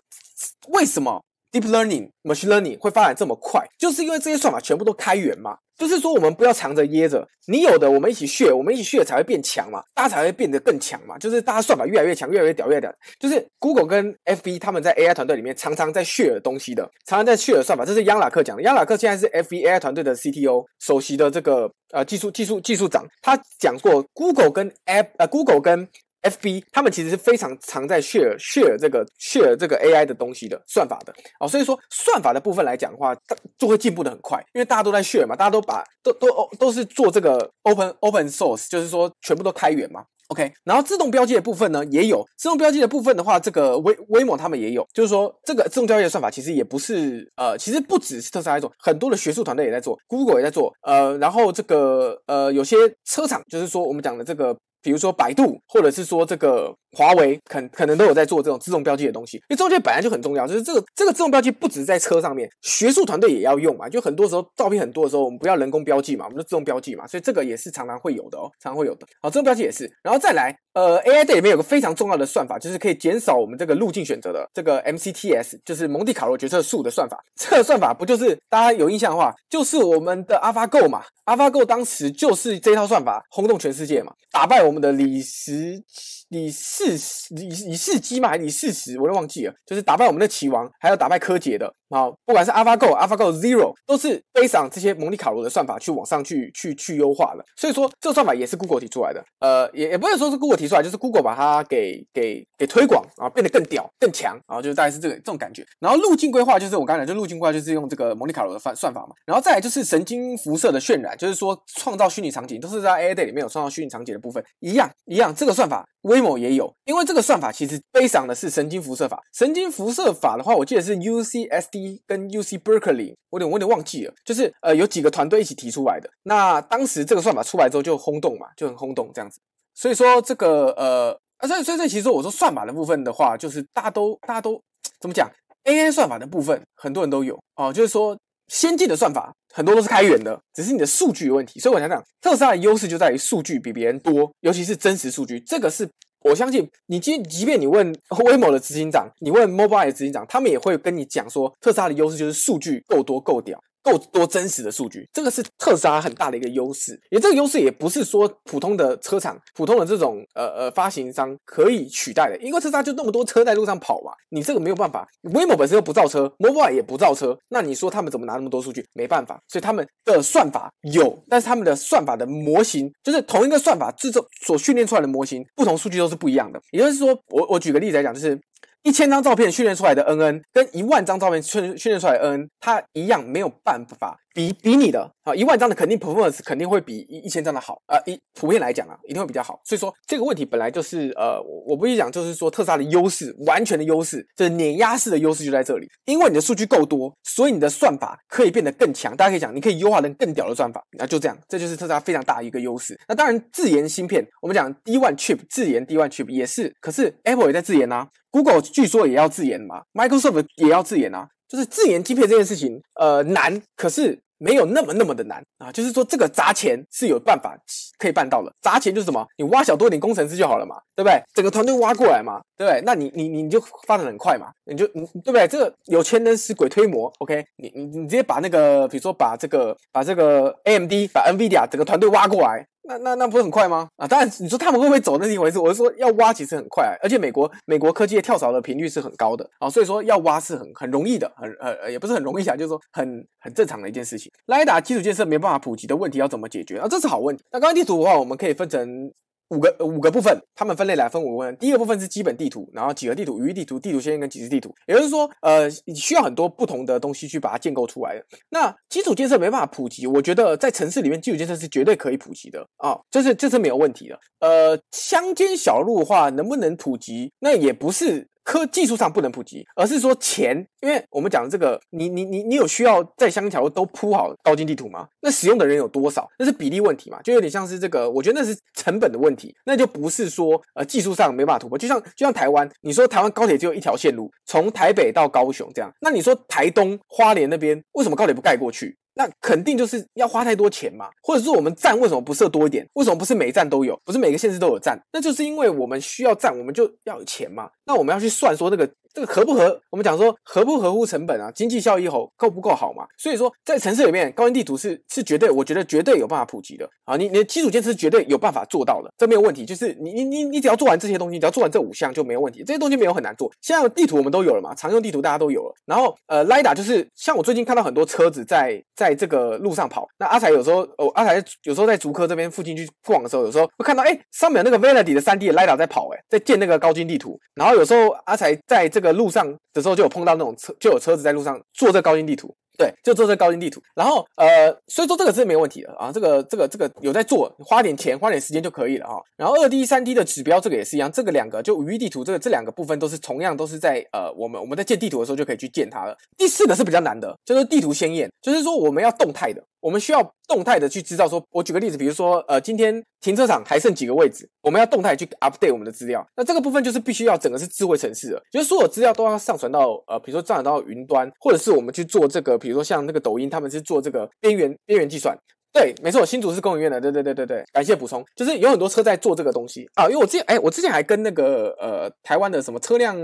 為什麼。Deep learning、machine learning 會發展這麼快，就是因為這些算法全部都開源嘛。就是說我們不要藏着掖着，你有的我們一起學，我們一起學才會變強嘛，大家才會變得更強嘛。就是大家算法越來越強，越來越屌，越來屌。就是 Google 跟 FB 他們在 AI 團隊裡面常常在學的東西的，常常在學的算法。這是央拉克講的，央拉克現在是 FB AI 團隊的 CTO，首席的這個呃技術技術技術長，他講過 Google 跟 App，呃 Google 跟 F B 他們其實是非常常在 share share 這個 share 這個 A I 的東西的算法的啊、哦，所以說算法的部分來講的話，它就會進步得很快，因為大家都在 share 嘛，大家都把都都都、哦、都是做這個 open open source，就是說全部都開源嘛。OK，然後自動標記的部分呢，也有自動標記的部分的話，這個 Waymo Waymo 他們也有，就是說這個自動標記的算法其實也不是呃，其實不只是特斯拉一種，很多的學術團隊也在做，Google 也在做，呃，然後這個呃有些車廠，就是說我們講的這個。比如說百度，或者是說這個。華為肯可能都有在做這種自動標記的東西，因為中介本來就很重要，就是這個這個自動標記不止在車上面，學術團隊也要用嘛，就很多時候照片很多的時候，我們不要人工標記嘛，我們就自動標記嘛，所以這個也是常常會有的哦，常，常會有的。好，自動標記也是，然後再來，呃，AI Day 裡面有個非常重要的算法，就是可以減少我們這個路徑選擇的這個 MCTS，就是蒙特卡羅決策樹的算法。這個算法不就是大家有印象的話，就是我們的 AlphaGo 嘛，AlphaGo 當時就是這套算法轟動全世界嘛，打敗我們的李世石，李世石。是以以是雞嗎？還是以事實？我都忘記了，就是打敗我們的棋王，還有打敗柯潔的。好，不管是 AlphaGo、AlphaGo Zero 都是 based on 這些蒙特卡羅的算法去往上去、去、去優化的。所以說這個算法也是 Google 提出來的，呃，也也不是說是 Google 提出來，就是 Google 把它給、給、給推廣啊，變得更屌、更強，啊，就是大概是這個這種感覺。然後路徑規劃就是我剛才講，就路徑規劃就是用這個蒙特卡羅的算算法嘛。然後再來就是神經輻射的渲染，就是說創造虛擬場景，都是在 AI Day 裡面有創造虛擬場景的部分一樣一樣，這個算法 Waymo 也有，因為這個算法其實 based on 的是神經輻射法。神經輻射法的話，我記得是 UCSD，跟 UC Berkeley，我有點我有點忘記了，就是呃有幾個團隊一起提出來的。那當時這個算法出來之後就轟動嘛，就很轟動這樣子。所以說這個呃啊，所以所以，所以其實說我說算法的部分的話，就是大家都大家都怎麼講，AI 算法的部分很多人都有哦、呃，就是說先進的算法很多都是開源的，只是你的數據有問題。所以我想講特斯拉的優勢就在於數據比別人多，尤其是真實數據，這個是。我相信，你即即便你問 Waymo 的執行長，你問 Mobile 的執行長，他們也會跟你講說，特斯拉的優勢就是數據夠多夠屌。夠多真實的數據，這個是特斯拉很大的一個優勢。也這個優勢也不是說普通的車廠、普通的這種呃呃發行商可以取代的，因為特斯拉就那麼多車在路上跑嘛，你這個沒有辦法。Waymo 本身又不造車，Mobileye 也不造車，那你說他們怎麼拿那麼多數據？沒辦法，所以他們的算法有，但是他們的算法的模型就是同一個算法制作所訓練出來的模型，不同數據都是不一樣的。也就是說，我我舉個例子來講，就是。一千張照片訓練出來的 NN，跟一萬張照片訓訓練出來的 NN，他一樣沒有辦法。比比你的啊，一萬張的肯定 performance 肯定會比一一千張的好啊，一、呃、普遍來講啊，一定會比較好。所以說這個問題本來就是呃，我不去講就是說特斯拉的優勢，完全的優勢就是碾壓式的優勢就在這裡，因為你的數據夠多，所以你的算法可以變得更強。大家可以講，你可以優化成更屌的算法，那就這樣，這就是特斯拉非常大的一個優勢。那當然自研芯片，我們講 D1 chip 自研 D1 chip 也是，可是 Apple 也在自研啊，Google 據說也要自研嘛，Microsoft 也要自研啊，就是自研晶片這件事情，呃難，可是。沒有那麼那麼的難啊，就是說這個砸錢是有辦法可以辦到的，砸錢就是什麼，你挖小多點工程師就好了嘛，對不對？整個團隊挖過來嘛，對不對？那你你你你就發展很快嘛，你就你對不對？這個有錢能使鬼推磨，OK，你你你直接把那個比如說把這個把這個 AMD 把 NVIDIA 整個團隊挖過來。那那那不是很快嗎？啊，當然，你說他們會不會走那是一回事，我是說要挖其實很快，欸，而且美國美國科技的跳槽的頻率是很高的啊，所以說要挖是很很容易的，很、呃、也不是很容易啊，就是說很很正常的一件事情。Lidar 基礎建設沒辦法普及的問題要怎麼解決啊？這是好問題。那剛剛地圖的話，我們可以分成。五個五個部分，它們分類來分五個部分。第一個部分是基本地圖，然後幾何地圖、語義地圖、地圖線跟幾何地圖。也就是說，呃，需要很多不同的東西去把它建構出來的。那基礎建設沒辦法普及，我覺得在城市裡面基礎建設是絕對可以普及的啊，這是這是沒有問題的。呃，鄉間小路的話能不能普及，那也不是。科技術上不能普及，而是說錢，因為我們講的這個，你你你你有需要在鄉間小路都鋪好高精地圖嗎？那使用的人有多少？那是比例問題嘛，就有點像是這個，我覺得那是成本的問題，那就不是說呃技術上沒辦法突破，就像就像台灣，你說台灣高鐵只有一條線路，從台北到高雄這樣，那你說台東花蓮那邊為什麼高鐵不蓋過去？那肯定就是要花太多錢嘛，或者說我們站為什麼不設多一點？為什麼不是每一站都有？不是每個縣市都有站？那就是因為我們需要站，我們就要有錢嘛。那我們要去算說那個。這個合不合？我們講說合不合乎成本啊？經濟效益好夠不夠好嘛？所以說在城市裡面，高精地圖是是絕對，我覺得絕對有辦法普及的啊！你你的基礎建設是絕對有辦法做到的，這沒有問題。就是你你你你只要做完這些東西，只要做完這五項就沒有問題，這些東西沒有很難做。像地圖我們都有了嘛，常用地圖大家都有了。然後呃，LiDAR 就是像我最近看到很多車子在在這個路上跑。那阿財有時候哦，阿財有時候在竹科這邊附近去逛的時候，有時候會看到哎，上面那個 Velodyne 的 3D LiDAR 在跑，欸，哎，在建那個高精地圖。然後有時候阿財在這個路上的時候，就有碰到那種車，就有車子在路上做這高精地圖。對，就做這高精地圖，然後呃，所以說這個是沒問題的啊，這個這個這個有在做，花點錢，花點時間就可以了啊。然後二 D、三 D 的指標，這個也是一樣，這個兩個就五一、e、地圖，這個這兩個部分都是同樣都是在呃，我們我們在建地圖的時候就可以去建它了。第四個是比較難的，就是地圖鮮豔，就是說我們要動態的，我們需要動態的去知道說我舉個例子，比如說呃，今天停車場還剩幾個位置，我們要動態去 update 我們的資料，那這個部分就是必須要整個是智慧城市的，就是所有資料都要上傳到呃，比如說上傳到雲端，或者是我們去做這個。比比如說，像那個抖音，他們是做這個邊緣、邊緣計算。對，沒錯，新竹是工研院的，對對對對對，感謝補充。就是有很多車在做這個東西啊，因為我之前哎，我之前還跟那個呃台灣的什麼車輛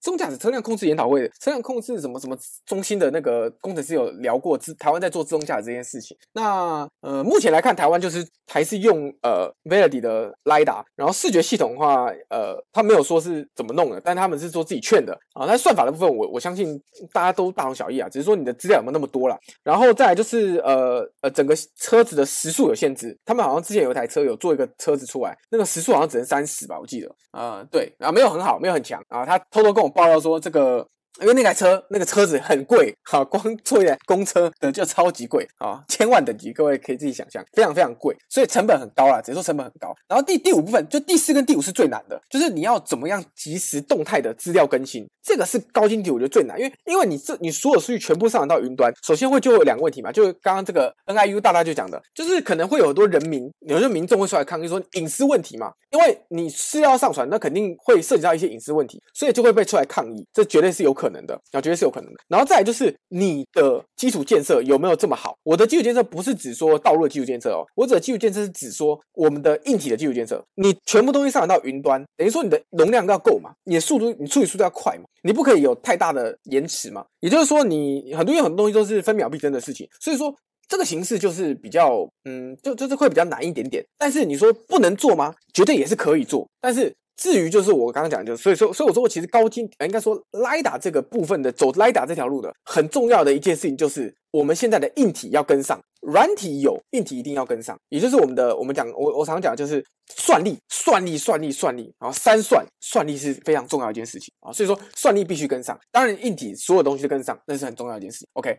自動駕駛車輛控制研討會、車輛控制什麼什麼中心的那個工程師有聊過，自台灣在做自動駕駛這件事情。那呃目前來看，台灣就是還是用呃 Velody 的 LiDAR，然後視覺系統的話，呃，他沒有說是怎麼弄的，但他們是說自己勸的啊。但算法的部分，我我相信大家都大同小異啊，只是說你的資料有沒有那麼多啦。然後再來就是呃呃整個車。車子的時速有限制，他們好像之前有一台車有做一個車子出來，那個時速好像只能三十吧，我記得，呃、啊，對，然後沒有很好，沒有很強，啊，他偷偷跟我爆料說這個。因為那台車那個車子很貴哈，光坐一台公車的就超級貴啊，千萬等級，各位可以自己想象，非常非常貴，所以成本很高啦，只能說成本很高。然後第第五部分就第四跟第五是最難的，就是你要怎麼樣即時動態的資料更新，這個是高精度，我覺得最難，因為因為你這你所有數據全部上傳到雲端，首先會就有兩個問題嘛，就是剛剛這個 Niu 大大就講的，就是可能會有很多人民，有些民眾會出來抗議說隱私問題嘛，因為你是要上傳，那肯定會涉及到一些隱私問題，所以就會被出來抗議，這絕對是有可。可能的，我、啊、覺得是有可能的。然後再來就是你的基礎建設有沒有這麼好？我的基礎建設不是只說道路的基礎建設哦，我指的基礎建設是指說我們的硬體的基礎建設。你全部東西上到雲端，等於說你的容量都要夠嘛，你的速度，你處理速度要快嘛，你不可以有太大的延遲嘛。也就是說你，你很多有很多東西都是分秒必爭的事情，所以說這個形式就是比較，嗯，就就是會比較難一點點。但是你說不能做嗎？絕對也是可以做，但是。至於就是我剛剛講，就所以說，所以我說我其實高精啊，應該說雷達這個部分的，走雷達這條路的很重要的一件事情，就是我們現在的硬體要跟上，軟體有硬體一定要跟上，也就是我們的我們講，我我常講就是算力，算力，算力，算力，然後三算，算力是非常重要的一件事情啊，所以說算力必須跟上，當然硬體所有東西都跟上，那是很重要的一件事情。OK。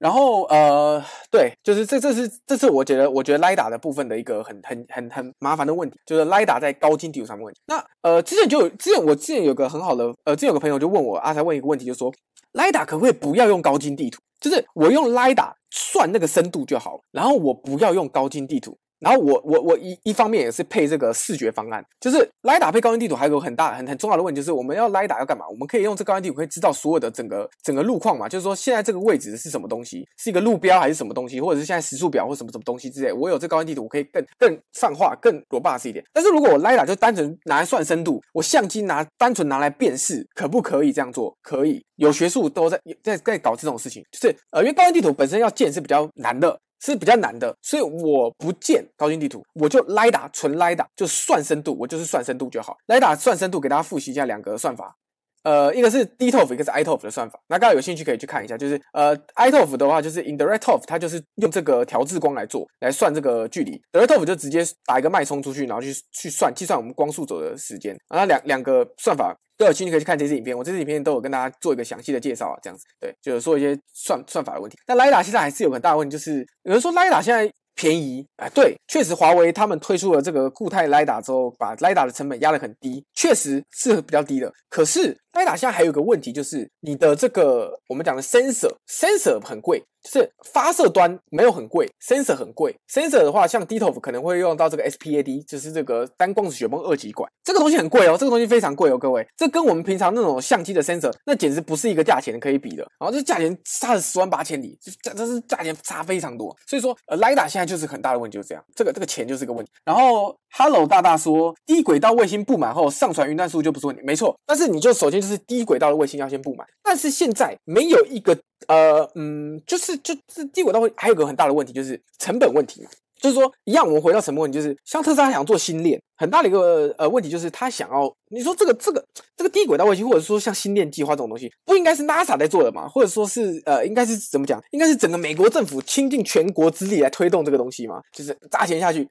然後呃，對，就是這這是這是我覺得我覺得 LiDAR 的部分的一個很很很很麻煩的問題，就是 LiDAR 在高精地圖上面的問題。那呃，之前就有之前我之前有個很好的呃，之前有個朋友就問我阿財、啊、問一個問題，就說 LiDAR 可不可以不要用高精地圖？就是我用 LiDAR 算那個深度就好了，然後我不要用高精地圖。然後我我我一一方面也是配這個視覺方案，就是雷達配高精地圖還有很大很很重要的問題，就是我們要雷達要幹嘛？我們可以用這高精地圖可以知道所有的整個整個路況嘛？就是說，現在這個位置是什麼東西？是一個路標還是什麼東西？或者是現在時速表或什麼什麼東西之類？我有這高精地圖，我可以更更泛化、更 robust 一點。但是如果我雷達就單純拿來算深度，我相機拿單純拿來辨識，可不可以這樣做？可以，有學術都在在在，在搞這種事情。就是呃，因為高精地圖本身要建是比較難的。是比較難的，所以我不建高精地圖，我就 LiDAR 純 LiDAR 就算深度，我就是算深度就好。LiDAR 算深度，給大家複習一下兩個算法，呃，一個是 DToF，一個是 IToF 的算法。那大家有興趣可以去看一下，就是呃 IToF 的話就是 indirect ToF，它就是用這個調製光來做，來算這個距離。Direct ToF 就直接打一個脈衝出去，然後去去算計算我們光速走的時間。然後兩兩個算法。有興趣你可以去看這支影片，我這支影片都有跟大家做一個詳細的介紹啊，這樣子對，就是說一些算算法的問題。但 LIDA 現在還是有個大的問題，就是有人說 LIDA 現在便宜啊、呃，對，確實華為他們推出了這個固態 LIDA 之後，把 LIDA 的成本壓得很低，確實是比較低的，可是。LiDAR 現在還有一個問題，就是你的這個我們講的 sensor sensor 很貴，就是發射端沒有很貴，sensor 很貴。sensor 的話，像 DToF e 可能會用到這個 SPAD，就是這個單光子雪崩二極管，這個東西很貴哦，這個東西非常貴哦，各位，這跟我們平常那種相機的 sensor 那簡直不是一個價錢可以比的，然後這價錢差十萬八千里，就價這、就是價錢差非常多，所以說呃，LiDAR 現在就是很大的問題，就是這樣，這個這個錢就是一個問題，然後。哈嘍，Hello, 大大說低軌道衛星布滿後，上傳雲端數據就不是問題。沒錯，但是你就首先就是低軌道的衛星要先布滿，但是現在沒有一個呃嗯，就是就是低軌道會還有一個很大的問題就是成本問題嘛。就是說一樣，我們回到成本問題，就是像特斯拉想做星鏈，很大的一個呃，呃問題就是他想要你說這個這個這個低軌道衛星，或者說像星鏈計劃這種東西，不應該是 NASA 在做的嘛？或者說是呃，應該是怎麼講？應該是整個美國政府傾盡全國之力來推動這個東西嘛？就是砸錢下去。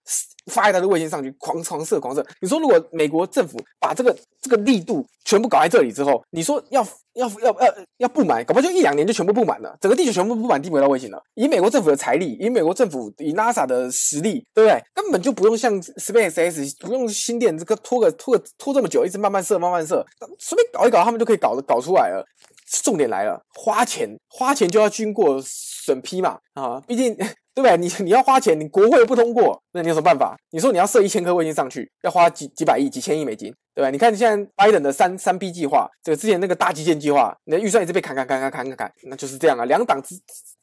發一打的衛星上去，狂狂射狂射。你說如果美國政府把這個這個力度全部搞在這裡之後，你說要要要、呃、要要布滿，搞不好就一兩年就全部布滿了，整個地球全部布滿低軌道衛星了。以美國政府的財力，以美國政府以 NASA 的實力，對不對？根本就不用像 SpaceX，不用星鏈這個拖個拖個拖個拖這麼久，一直慢慢射慢慢射，隨便搞一搞，他們就可以搞的搞出來了。重點來了，花錢花錢就要經過審批嘛，啊，畢竟對不對？你你要花錢，你國會不通過，那你有什麼辦法？你說你要設一千顆衛星上去，要花幾幾百億、幾千億美金，對吧？你看現在拜登的三三 b 計劃，這個之前那個大基建計劃，那預算一直被砍砍砍砍砍砍砍，那就是這樣啊，兩黨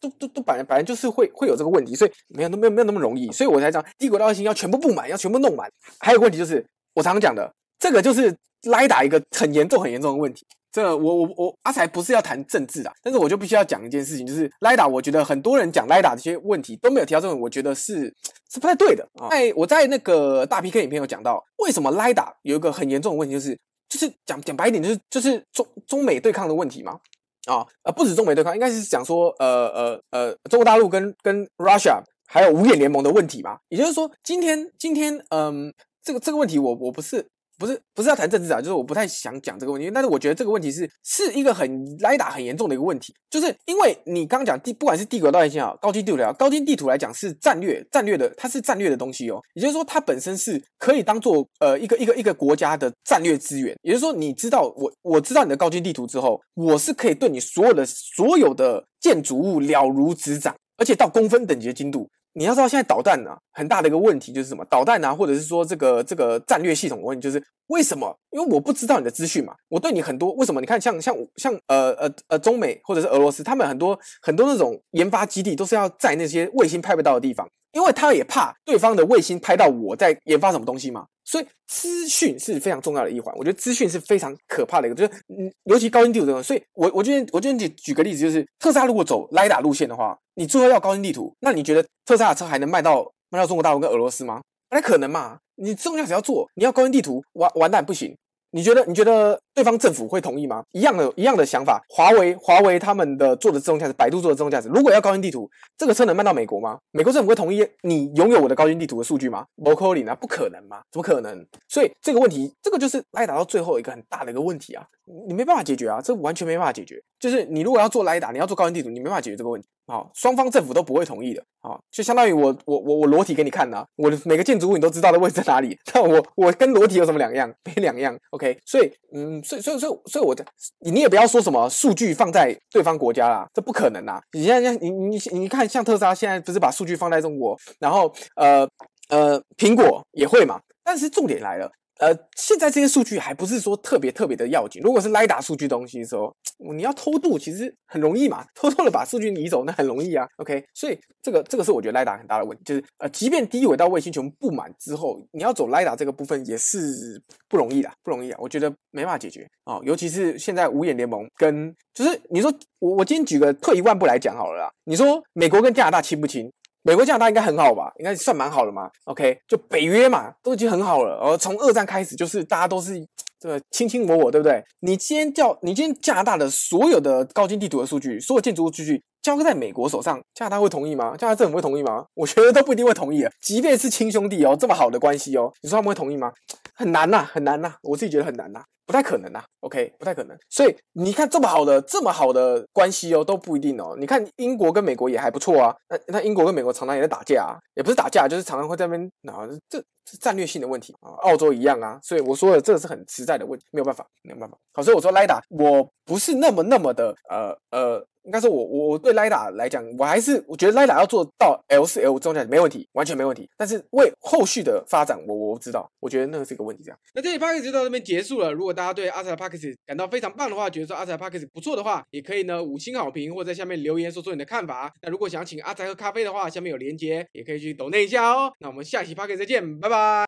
都都都本來本來就是會會有這個問題，所以沒有都沒有都沒有那麼容易，所以我才講，低軌道衛星要全部布滿，要全部弄滿。還有個問題就是，我常常講的，這個就是 LIDAR 一個很嚴重很嚴重的問題。這我我我阿財不是要談政治啦，但是我就必須要講一件事情，就是 LIDAR，我覺得很多人講 LIDAR 這些問題都沒有提到這個問題，我覺得是是不太對的啊。我、嗯、在我在那個大 PK 影片有講到，為什麼 LIDAR 有一個很嚴重的問題，就是，就是就是講講白一點，就是，就是就是中中美對抗的問題嘛啊啊，不止中美對抗，應該是講說呃呃呃中國大陸跟跟 Russia 還有五眼聯盟的問題嘛。也就是說，今天今天嗯、呃，這個這個問題我我不是。不是不是要談政治啊，就是我不太想講這個問題，但是我覺得這個問題是是一個很來打很嚴重的一個問題，就是因為你剛剛講地，不管是地圖聊到以線啊，高精地圖啊，高精地圖來講是戰略戰略的，它是戰略的東西哦，也就是說它本身是可以當做呃一個一個一個國家的戰略資源，也就是說你知道我我知道你的高精地圖之後，我是可以對你所有的所有的建築物了如指掌，而且到公分等級的精度。你要知道，現在導彈呢、啊，很大的一個問題就是什麼？導彈呢、啊，或者是說這個這個戰略系統的問題就是為什麼？因為我不知道你的資訊嘛，我對你很多為什麼？你看像像像呃呃呃，中美或者是俄羅斯，他們很多很多那種研發基地都是要在那些衛星拍不到的地方，因為他也怕對方的衛星拍到我在研發什麼東西嘛。所以資訊是非常重要的一環，我覺得資訊是非常可怕的一個，就是嗯，尤其高精地圖這種，所以我我覺得我覺得你舉個例子，就是特斯拉如果走 LiDAR 路線的話，你最後要高精地圖，那你覺得特斯拉？大車還能賣到賣到中國大陸跟俄羅斯嗎？那可能嘛？你自動駕駛要做，你要高精地圖，完完蛋不行。你覺得？你覺得？對方政府會同意嗎？一樣的，一樣的想法。華為，華為他們的做的自動駕駛，百度做的自動駕駛，如果要高精地圖，這個車能賣到美國嗎？美國政府會同意你擁有我的高精地圖的數據嗎？Model Y 呢？不可能嗎？怎麼可能？所以這個問題，這個就是雷達到最後一個很大的一個問題啊，你沒辦法解決啊，這完全沒辦法解決。就是你如果要做雷達，你要做高精地圖，你沒辦法解決這個問題。好、哦，雙方政府都不會同意的。好、哦，就相當於我我我我裸體給你看吶、啊，我的每個建築物你都知道的位置在哪裡？那我我跟裸體有什麼兩樣？沒兩樣。OK，所以嗯。所以，所以，所以，所以，我，你，你也不要說什麼數據放在對方國家啦，這不可能啊，你現在，你，你，你看，像特斯拉現在不是把數據放在中國，然後，呃，呃，蘋果也會嘛，但是重點來了。呃，現在這些數據還不是說特別特別的要緊。如果是 LIDAR 數據東西的時候，你要偷渡，其實很容易嘛，偷偷的把數據移走，那很容易啊。OK，所以這個這個是我覺得 LIDAR 很大的問題，就是呃，即便低軌道衛星群布滿之後，你要走 LIDAR 這個部分也是不容易的，不容易啊。我覺得沒辦法解決啊、哦，尤其是現在五眼聯盟跟就是你說我我今天舉個退一萬步來講好了啦，你說美國跟加拿大親不親？美國、加拿大應該很好吧？應該算蠻好了嘛。OK，就北約嘛，都已經很好了。而從二戰開始，就是大家都是這個卿卿我我，對不對？你今天叫你今天加拿大的所有的高精地圖的數據，所有建築物數據。交給在美國手上，這樣他會同意嗎？這樣他政府會同意嗎？我覺得都不一定會同意。即便是親兄弟哦，這麼好的關係哦，你說他們會同意嗎？很難吶、啊，很難吶、啊，我自己覺得很難吶、啊，不太可能吶、啊。OK，不太可能。所以你看，這麼好的，這麼好的關係哦，都不一定哦。你看英國跟美國也還不錯啊，那那英國跟美國常常也在打架啊，也不是打架，就是常常會在那邊啊，這是戰略性的問題啊。澳洲一樣啊。所以我說的這個是很實在的問題，沒有辦法，沒有辦法。好，所以我說 Lidar，我不是那麼那麼的呃呃。呃應該是我我對 LiDAR 來講，我還是我覺得 LiDAR 要做到 L 四 L 中間沒問題，完全沒問題。但是為後續的發展，我我不知道，我覺得那個是一個問題這樣。那這一 Podcast 就到這邊結束了。如果大家對阿財的 Podcast 感到非常棒的話，覺得說阿財 Podcast 不錯的話，也可以呢五星好評，或在下面留言說說你的看法。那如果想請阿財喝咖啡的話，下面有鏈接，也可以去抖內一下哦。那我們下期 Podcast 再見，拜拜。